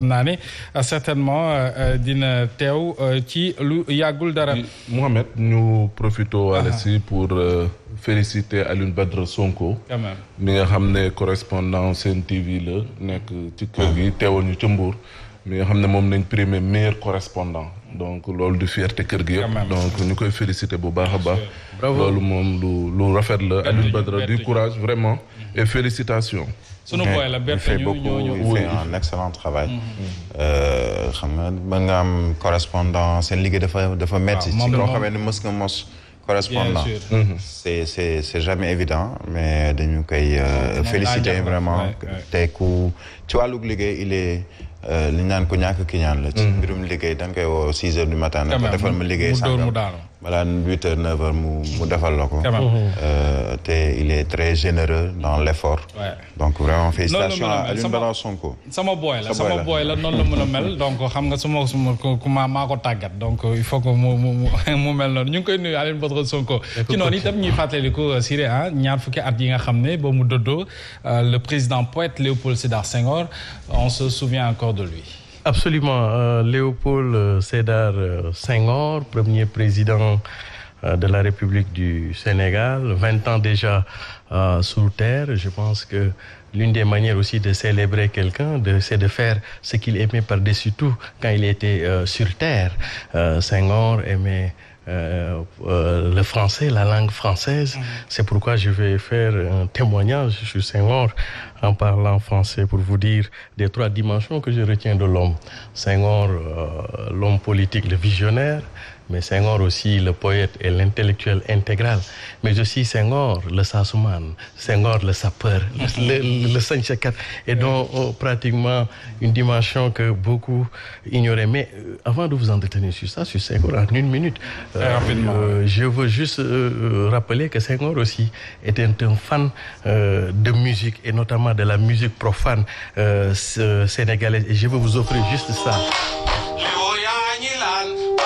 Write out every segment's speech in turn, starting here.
naa ne euh, certainement euh, euh, dina teew ci lu yàggul dara. Mohamed ñu profito waale ah. si pour féliciter Alioune Badra Sonko. mi nga xam ne correspondant Sen TV la nekk ci kër gi teewal ñu ca Mbour. mi nga xam ne moom nañ primé meilleur correspondant donc loolu du fierté kër gi yëpp donc ñu koy félicité bu baax a baax loolu moom lu lu rafet la Alioune Badara du courage vraiment mm-hmm. et félicitations sunu boy la il fait beaucoup il fait un excellent travail mm-hmm. euh, xam correspondant seen liggéey dafa metti ah, ci loo xamee ne mës nga mos correspondant mm-hmm. c'est c'est c'est jamais évident mais dañu koy euh, féliciter vraiment te ku ci wàllug liggéey il est Euh, li ñu naan ko ñàkk ki ñaan la. ci mhm. mbirum liggéey da nga koy woo 6 heures du matin. na defal ma liggéey sàngam heures mu mu defal la ko. Mhm. Euh, te il est très généreux dans l' effort. donc vraiment félicitations à Alioune Badara Sonko. sama booy la sama booy la noonu la mën mel donc xam nga suma suma ku ma maa ko tàggat donc euh, il faut que mu mel noonu ñu ngi koy nuyu Alioune Badara Sonko. ci noonu itam ñuy fàttaliku Siré ah ñaar fukki at yi nga xam ne boo mu dodo le président poète Léopold Sédar Senghor sort de lui. Absolument. Euh, Léopold euh, Sédar euh, Senghor, premier président euh, de la République du Sénégal, 20 ans déjà euh, sur terre. Je pense que l'une des manières aussi de célébrer quelqu'un, c'est de faire ce qu'il aimait par-dessus tout quand il était euh, sur terre. Euh, Senghor aimait euh, euh, le français, la langue française. Mmh. C'est pourquoi je vais faire un témoignage sur Senghor en parlant français pour vous dire des trois dimensions que je retiens de l'homme. Senghor, euh, l'homme politique, le visionnaire, mais Senghor aussi le poète et l'intellectuel intégral mais aussi Senghor le sasuman Senghor le sapeur le, le sañsekat et donc oh, pratiquement une dimension que beaucoup ignoraient mais euh, avant de vous entretenir sur ça sur Senghor en une minute euh, euh, je veux juste euh, euh, rappeler que Senghor aussi était un fan de musique et notamment de la musique profane sénégalaise et je veux vous offrir juste ça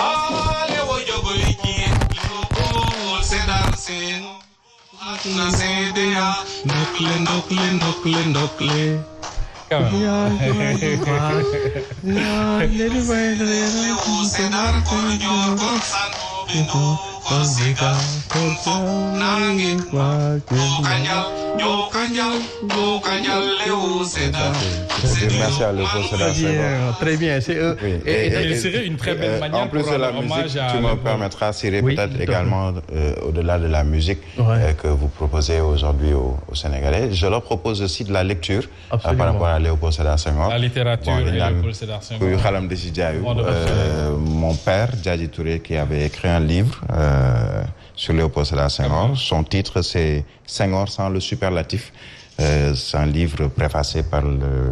faale wo jogoy jiin yóbbuul sedar seen na seedeya ndokle ndokle ndokle ndokle yaa Konjika, konjika, nangin, wakanyal, yokanyal, yokanyal, leo, seda. C'est merci à Léo Seda. Très bien, c'est eux. Oui. Et, et, et, et serait une très belle euh, manière en plus pour de la musique, tu me permettras, Cyril, oui, peut-être également euh, au-delà de la musique ouais. euh, que vous proposez aujourd'hui aux, aux, Sénégalais. Je leur propose aussi de la lecture euh, par rapport à Léopold Sédar Senghor. La littérature bon, et Léopold Sédar Senghor. Euh, mon père, Djadji Touré, qui avait écrit un livre. Euh, euh, sur Léopold Sédar Senghor. Son titre, c'est Senghor sans le superlatif. Euh, c'est un livre préfacé par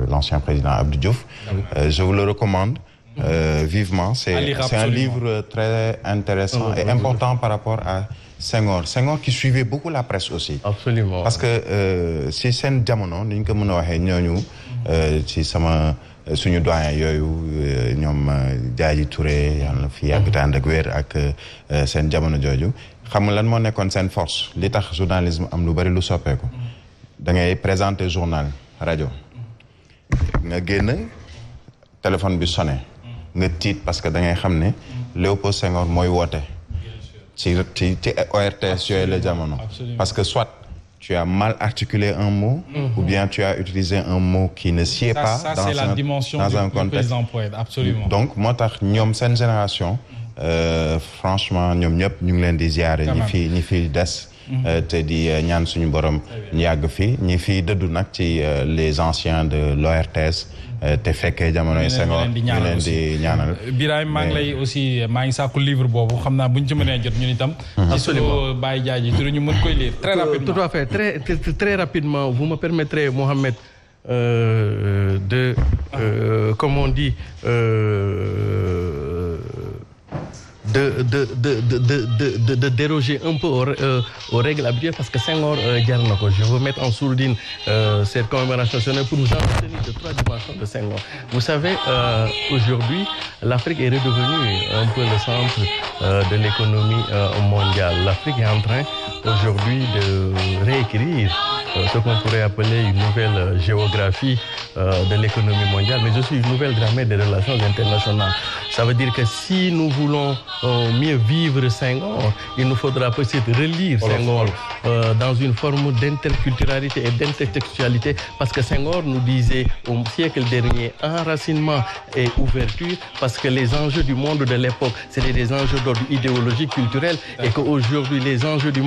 l'ancien président Abdou Diouf. Ah euh, je vous le recommande. Euh, vivement, c'est un livre très intéressant ah et important par rapport à Senghor Senghor qui suivait beaucoup la presse aussi. absolument parce que euh, si seen jamono ni ñu ko mën a waxee ñooñu. Euh, ci sama. Euh, suñu doyen yooyu euh, ñoom Jaaji euh, Touré yàlla fi yàgg ànd ak wér ak seen jamono jooju xam nga lan moo nekkoon seen force li tax journalisme am lu bari lu soppeeku da ngay présenter journal rajo nga génn téléphone bi sonné nga tiit parce que da ngay xam ne Léopold Senghor mooy woote ci ci ci ORTS yooyu la jamono parce que soit tu as mal articulé un mot mm-hmm. ou bien tu as utilisé un mot qui ne sied pas dans, un, la dimension dans du, un contexte poète, absolument. donc moo tax ñoom seen génération euh, franchement ñoom ñëpp ñu ngi leen di ziare ñi fi ñi fi des mhm. euh, te di euh, ñaan suñu borom ñu yàgg fi ñi fi dëddu nag ci euh, les anciens de l'ORTS Eh, te fekkee jamonoy Senghor ñu leen di ñaanal eh, Birahim maa ngi lay aussi maa ngi sàkku livre boobu xam naa bu ñu ci mënee jot ñun itam mm-hmm. ci suñu bàyyi jaaji tur ñu mën koy lire très euh, rapidement tout à fait très très rapidement vous me permettrez Mohamed euh, de euh, comme on dit de de de de de déroger un peu euh, aux règles habituelles parce que Senghor euh, jar na ko je veux mettre en sourdine euh, cette commémoration nationale pour nous entretenir de trois dimensions de Senghor vous savez aujourd'hui l'Afrique est redevenue un peu le centre de l'économie mondiale l'Afrique est en train aujourd'hui de réécrire Euh, ce qu'on pourrait appeler une nouvelle euh, géographie euh, de l'économie mondiale, mais aussi une nouvelle grammaire des relations internationales. Ça que si nous voulons mieux vivre Senghor, il nous faudra peut-être relire Senghor dans une forme d'interculturalité et d'intertextualité, parce que Senghor nous disait au siècle dernier enracinement et ouverture, parce que les enjeux du monde de l'époque, c'était des enjeux d'ordre idéologique, culturel, et qu'aujourd'hui les enjeux du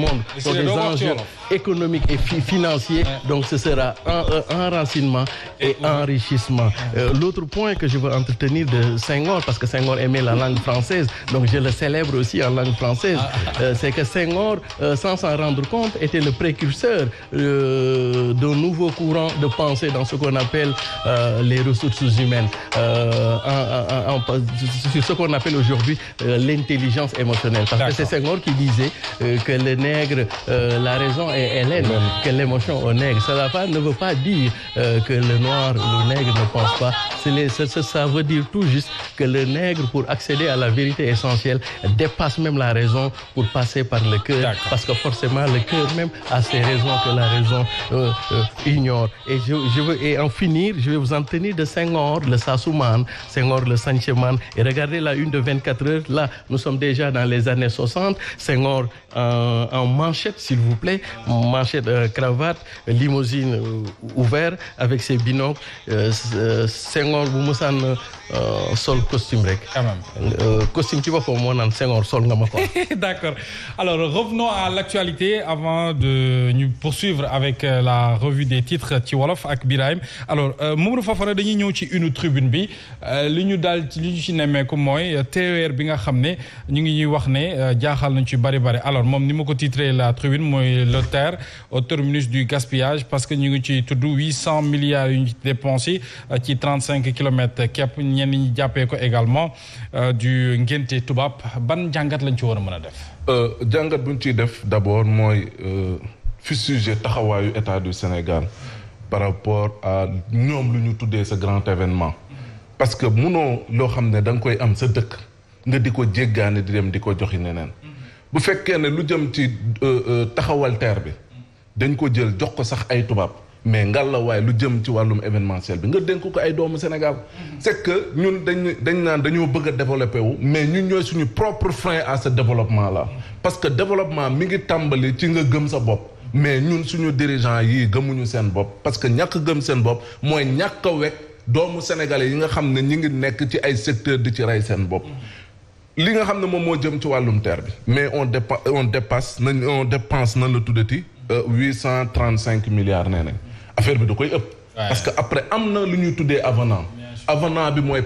financier. Donc ce sera un, un euh, enracinement et enrichissement. Euh, l'autre point que je veux entretenir de Senghor, parce que Senghor aimait la langue française, donc je le célèbre aussi en langue française, ah. euh, c'est que Senghor, euh, sans s'en rendre compte, était le précurseur d'un nouveau courant de pensée dans ce qu'on l'intelligence émotionnelle. Parce que c'est que le nègre, la raison est hélène, que l'émotion attention au nègre. Cela euh, que le noir, le Les, ça, ça, tout juste que le nègre, pour à la vérité essentielle, dépasse même la raison pour passer par le cœur. Parce que forcément, le cœur même a ses euh, euh, en finir, je de Senghor, le Sassouman, Senghor, le Sancheman. Et regardez la une de 24 heures. Là, les années 60. Senghor en 4 limousine euh, ouvert avec ses binocles euh, euh, Senghor bu musaan sol costume rek. costume ci boppam moo naan Senghor sol nga ma ko. d'accord alors revenons à l'actualité avant de ñu poursuivre avec la revue des titres ci wolof ak Birahim alors Mamadou Fofana dañuy ñëw ci une tribune bi li ñu daal li ñu ci nemmeeku mooy TER bi nga xam ne ñu ngi ñuy wax ne jaaxal nañ ci bari bari alors moom ni ma ko titré la tribune mooy le TER au terminus du du gaspillage parce que ñu ngi ci tudd huit cent milliards yu ñu euh, ci dépensé ci trente cinq kilomètres képp ñenn ñi jàppee ko également euh, du ngénte tubaab ban jàngat lañ ci war a mën a def. Euh, jàngat bu ñu ciy def d' abord mooy fi sujet taxawaayu état du Sénégal par rapport à ñoom lu ñu tuddee sa grand événement. parce que munoo loo xam ne da nga koy am sa dëkk nga di ko jéggaane di dem di ko joxi neneen mm-hmm. bu fekkee ne lu jëm ci taxawal terre bi dañ ko jël jox ko sax ay tubaab mais ngal la waaye lu jëm ci wàllum événementiel bi nga dénk ko ay doomu Sénégal. c'est ñun dañ dañ naan dañoo bëgg a développé wu. mais ñun ñooy suñu propre frein à ce développement là. parce que développement mi ngi tàmbali ci nga gëm sa bopp. mais ñun suñu dirigeant yii gëmuñu seen bopp parce que ñàkk gëm seen bopp mooy ñàkk a wekk doomu sénégalais yi nga xam ne ñu ngi nekk ci ay secteur di ci rey seen bopp. li nga xam ne moom moo jëm ci wàllum terre bi. mais on dépa on dépasse nañ on dépense nan la tuddati. Euh, huit cent trente cinq milliards nee nañ affaire bi du koy ëpp parce que après am na lu ñuy tuddee avenant avenant bi mooy